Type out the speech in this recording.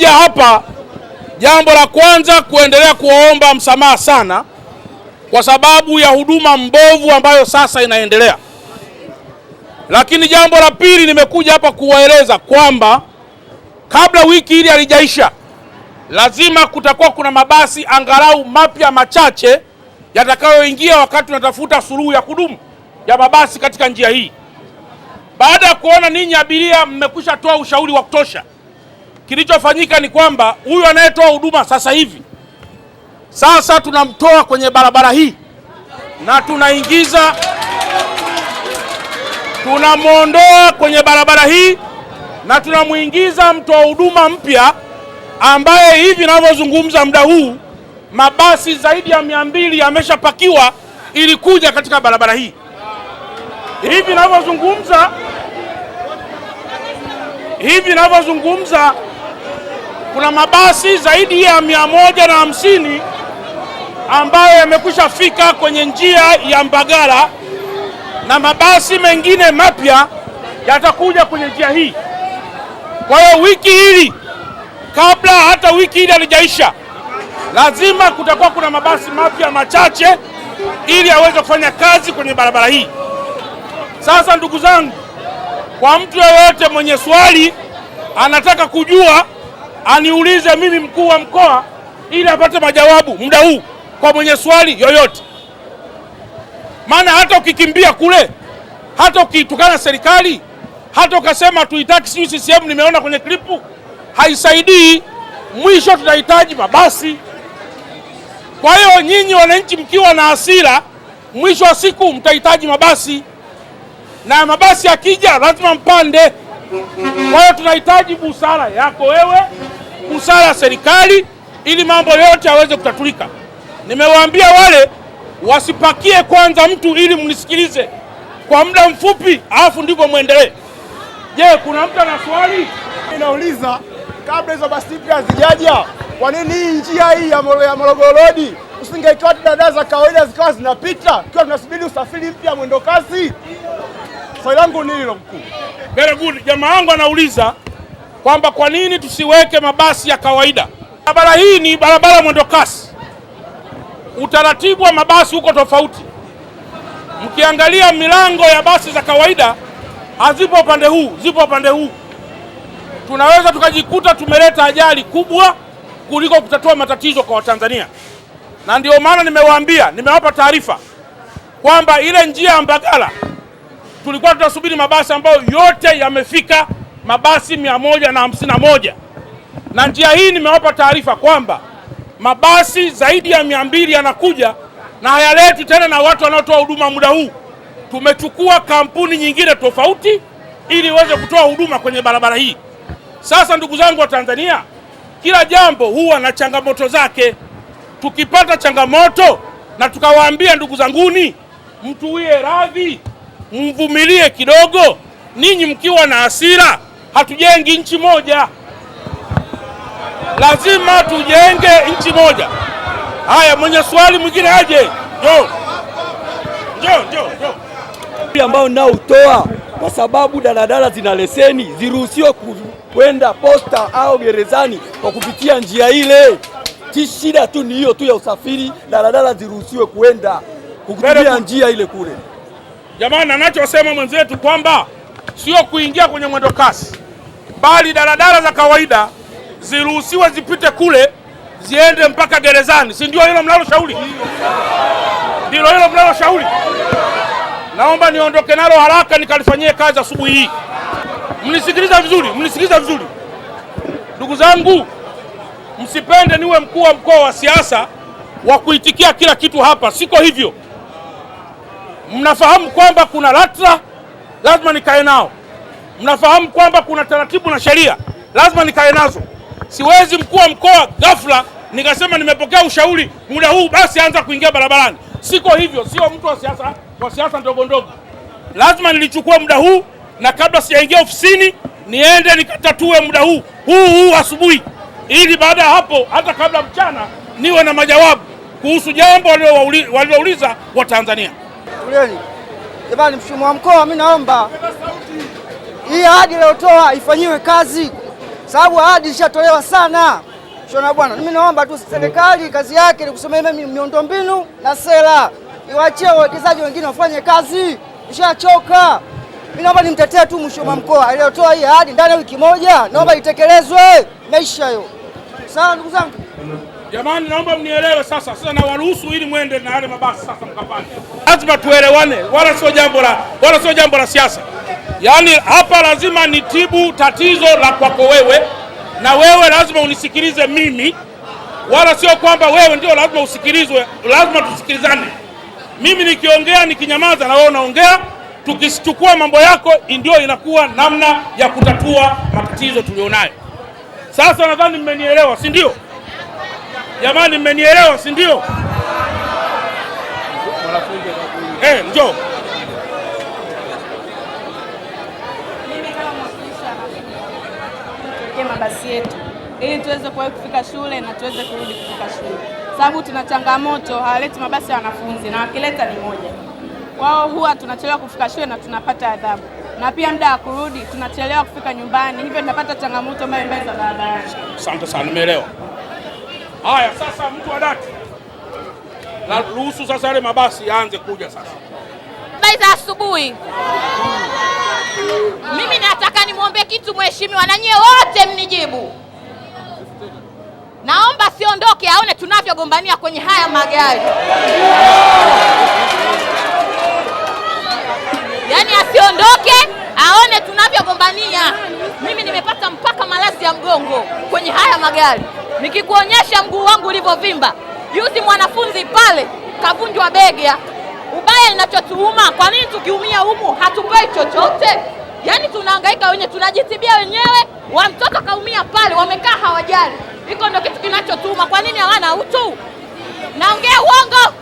kuja hapa jambo la kwanza kuendelea kuwaomba msamaha sana kwa sababu ya huduma mbovu ambayo sasa inaendelea. Lakini jambo la pili nimekuja hapa kuwaeleza kwamba kabla wiki hili halijaisha, lazima kutakuwa kuna mabasi angalau mapya machache yatakayoingia wakati tunatafuta suluhu ya kudumu ya mabasi katika njia hii. Baada ya kuona ninyi abiria mmekwisha toa ushauri wa kutosha Kilichofanyika ni kwamba huyu anayetoa huduma sasa hivi, sasa tunamtoa kwenye barabara hii na tunaingiza, tunamwondoa kwenye barabara hii na tunamwingiza mtoa huduma mpya ambaye hivi navyozungumza muda huu mabasi zaidi ya mia mbili yameshapakiwa ili kuja katika barabara hii. Hivi ninavyozungumza, hivi navyozungumza kuna mabasi zaidi ya mia moja na hamsini ambayo yamekwisha fika kwenye njia ya Mbagala na mabasi mengine mapya yatakuja kwenye njia hii. Kwa hiyo wiki hili, kabla hata wiki hili halijaisha, lazima kutakuwa kuna mabasi mapya machache ili aweze kufanya kazi kwenye barabara hii. Sasa ndugu zangu, kwa mtu yeyote mwenye swali anataka kujua aniulize mimi mkuu wa mkoa ili apate majawabu muda huu kwa mwenye swali yoyote, maana hata ukikimbia kule, hata ukitukana serikali, hata ukasema tuitaki sisi CCM, nimeona kwenye klipu haisaidii. Mwisho tunahitaji mabasi. Kwa hiyo nyinyi wananchi mkiwa na hasira, mwisho wa siku mtahitaji mabasi, na mabasi akija lazima mpande. Kwa hiyo tunahitaji busara yako wewe msara serikali ili mambo yote yaweze kutatulika. Nimewaambia wale wasipakie kwanza mtu ili mnisikilize kwa muda mfupi, alafu ndivyo mwendelee. Je, kuna mtu ana swali? Inauliza, kabla hizo basi mpya hazijaja, kwa nini hii njia hii ya Morogoro Road usingeitoa dada za kawaida zikawa zinapita, ikiwa tunasubiri usafiri mpya mwendo kasi? Swali langu ni hilo mkuu. Very good. Jamaa wangu anauliza kwamba kwa nini tusiweke mabasi ya kawaida. Barabara hii ni barabara mwendo kasi, utaratibu wa mabasi uko tofauti. Mkiangalia milango ya basi za kawaida hazipo upande huu, zipo upande huu. Tunaweza tukajikuta tumeleta ajali kubwa kuliko kutatua matatizo kwa Watanzania, na ndio maana nimewaambia, nimewapa taarifa kwamba ile njia ya Mbagala tulikuwa tunasubiri mabasi ambayo yote yamefika mabasi mia moja na hamsini na moja na njia hii nimewapa taarifa kwamba mabasi zaidi ya mia mbili yanakuja na hayaletwi tena na watu wanaotoa huduma muda huu. Tumechukua kampuni nyingine tofauti ili iweze kutoa huduma kwenye barabara hii. Sasa ndugu zangu wa Tanzania, kila jambo huwa na changamoto zake. Tukipata changamoto na tukawaambia ndugu zanguni, mtuwie radhi, mvumilie kidogo, ninyi mkiwa na hasira hatujengi nchi moja, lazima tujenge nchi moja. Haya, mwenye swali mwingine aje, njoo njoo njoo njoo, ambao ninaotoa kwa sababu daladala zina leseni ziruhusiwe kwenda posta au gerezani kwa kupitia njia ile. Ti shida tu ni hiyo tu ya usafiri, daladala ziruhusiwe kuenda kupitia njia ile kule. Jamani, anachosema mwenzetu kwamba sio kuingia kwenye mwendo kasi bali daladala za kawaida ziruhusiwe zipite kule ziende mpaka gerezani, si ndio hilo mnalo shauri? Ndilo hilo mnalo shauri. Naomba niondoke nalo haraka nikalifanyie kazi asubuhi hii. Mnisikiliza vizuri, mnisikiliza vizuri ndugu zangu, msipende niwe mkuu wa mkoa wa siasa wa kuitikia kila kitu hapa, siko hivyo. Mnafahamu kwamba kuna LATRA, lazima nikae nao mnafahamu kwamba kuna taratibu na sheria lazima nikae nazo. Siwezi mkuu wa mkoa ghafla nikasema nimepokea ushauri muda huu basi anza kuingia barabarani. Siko hivyo, sio mtu wa siasa wa siasa ndogo ndogo. Lazima nilichukua muda huu, na kabla sijaingia ofisini niende nikatatue muda huu huu huu asubuhi, ili baada ya hapo hata kabla mchana niwe na majawabu kuhusu jambo walilouliza Tanzania. Jamani, mheshimiwa mkoa, mimi naomba hii ahadi iliyotoa ifanyiwe kazi, sababu ahadi ishatolewa sana. Shona bwana, mimi naomba tu serikali kazi yake ni kusimamia miundombinu na sera, iwaachie wawekezaji wengine wafanye kazi, ishachoka. Mimi naomba nimtetee tu mheshimiwa mkoa aliyotoa hii ahadi ndani ya wiki moja, naomba itekelezwe, maisha hiyo. Sawa ndugu zangu, jamani, naomba mnielewe sasa. Sasa nawaruhusu ili mwende na yale mabasi sasa, mkapande. Lazima tuelewane, wala sio jambo la wala sio jambo la siasa. Yaani hapa lazima nitibu tatizo la kwako wewe, na wewe lazima unisikilize mimi, wala sio kwamba wewe ndio lazima usikilizwe. Lazima tusikilizane, mimi nikiongea, nikinyamaza na wewe unaongea, tukichukua mambo yako, ndio inakuwa namna ya kutatua matatizo tulionayo. Sasa nadhani mmenielewa, si ndio? Jamani, mmenielewa si ndio? Eh, njoo mabasi yetu ili tuweze kuwahi kufika shule na tuweze kurudi kufika shule, sababu tuna changamoto, hawaleti mabasi ya wanafunzi, na wakileta ni moja wao, huwa tunachelewa kufika shule na tunapata adhabu, na pia muda wa kurudi tunachelewa kufika nyumbani, hivyo tunapata changamoto mbalimbali za barabarani. Asante sana, nimeelewa. Haya, sasa mtu wa dati na ruhusu sasa yale mabasi yaanze kuja sasa, bai za asubuhi mimi nataka nimwombe kitu mheshimiwa, na nyie wote mnijibu. Naomba siondoke aone tunavyogombania kwenye haya magari, yaani asiondoke aone tunavyogombania. Mimi nimepata mpaka malazi ya mgongo kwenye haya magari, nikikuonyesha mguu wangu ulivyovimba. Juzi mwanafunzi pale kavunjwa bega ubaya linachotuuma. Kwa nini tukiumia humu hatupewi chochote? Yaani tunahangaika wenye tunajitibia wenyewe, wa mtoto kaumia pale, wamekaa hawajali. Hiko ndio kitu kinachotuma. Kwa nini hawana utu? Naongea uongo?